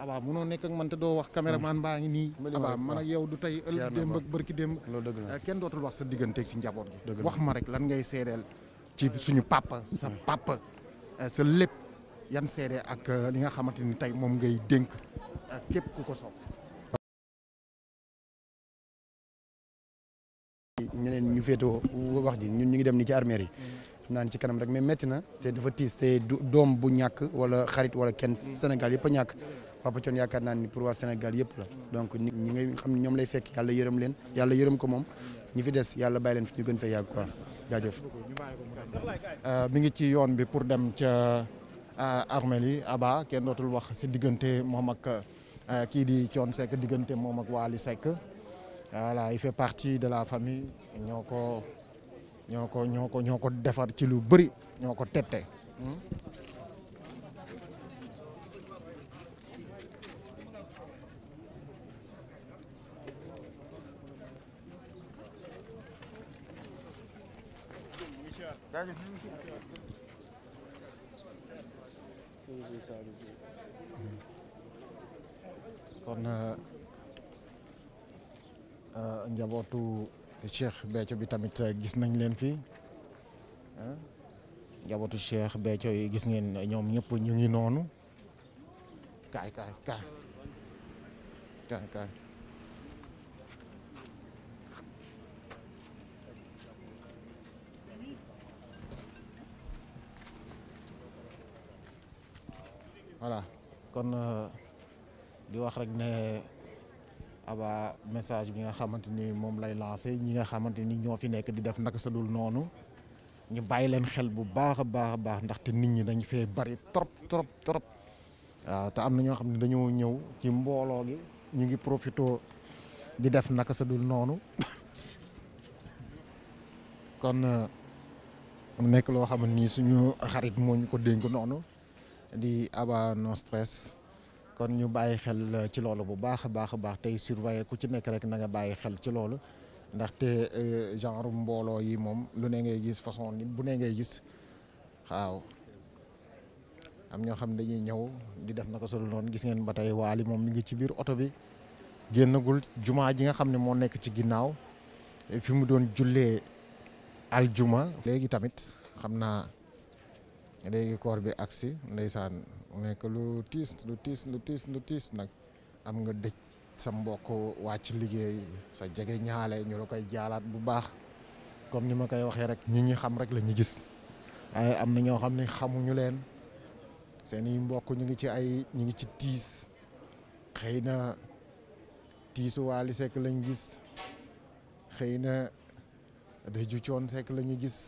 abaa munoo nekk ak doo wax caméraman baa ngi nii abaa du tey ëllëg démb ak bërki eh, wax sa digganteeg si njaboot gi wax ma rek ngay seedeel ci suñu papa sa hmm. papa eh, sa lépp ak eh, li nga xamante ni tey moom ngay dénk ku ko sopp ñeneen ñu féetewoo wax ji ñu ñu ngi dem ni ci armeer hmm. naan ci kanam rek mais métti na te dafa tiis te doom bu ñàkk wala xarit wala kenn hmm. Sénégal yëpp a ñàkk Papa Thione yaakaar naa ni pour waa Sénégal yëpp la donc ñi nga xam ne ñoom lay fekk yàlla yërëm leen yàlla yërëm ko moom ñi fi des yàlla bàyyi leen fi ñu gën fay yàgg quoi jaajëf. Euh, mi ngi ci yoon bi pour dem ca euh, armel yi Aba kenn wax si diggante moom ak euh, kii di Thione Seck diggante moom ak waali sekk voilà il fait partie de la famille ñoo ko ñoo ko ñoo ko ko defar ci lu bëri ñoo ko tette. Hmm? jaajëf. kon euh, euh, njabootu Cheikh Béthio bi tamit euh, gis nañ leen fii njabootu Cheikh Béthio yi gis ngeen ñoom ñëpp ñu ngi noonu kaay kaay kaay kaay kaay. voilà kon euh, di wax rek ne aba message bi nga xamante ni moom lay lancé ñi nga xamante ni ñoo fi nekk di def naka sa noonu ñu bàyyi leen xel bu baax a baax a baax ndaxte nit ñi dañu fee bari trop trop trop waaw te am na ñoo xam ne dañoo ñëw ci mbooloo gi ñu ngi profito di def naka sa noonu kon euh, nekk loo xam ne nii suñu xarit moo ñu ko dénk noonu. di Aba No Stress kon ñu bàyyi xel euh, ci loolu bu baax a baax a baax tey surveiller ku ci nekk rek na nga bàyyi xel ci loolu ndaxte euh, genre mbooloo yi moom lu ne ngay gis façon nit bu ne ngay gis waaw am ñoo xam ne dañuy ñëw di def na ko solo noonu gis ngeen ba tey waali moom mi ngi ci biir oto bi génnagul jumaa ji nga xam ne moo nekk ci ginnaaw fi mu doon jullee aljuma léegi tamit xam naa léegi koor bi agsi ndeysaan nekk lu tiis lu tiis lu tiis lu tiis nag am nga dëj sa mbokk wàcc liggéey sa jege ñaale ñu la koy jaalaat bu baax comme ni ma koy waxee rek ñi ñi xam rek lañu gis waaye am na ñoo xam ne xamuñu leen seeni mbokk ñu ngi ci ay ñu ngi ci tiis xëy na tiisu Wally Seck lañ gis xëy na dëju coon Seck la ñu gis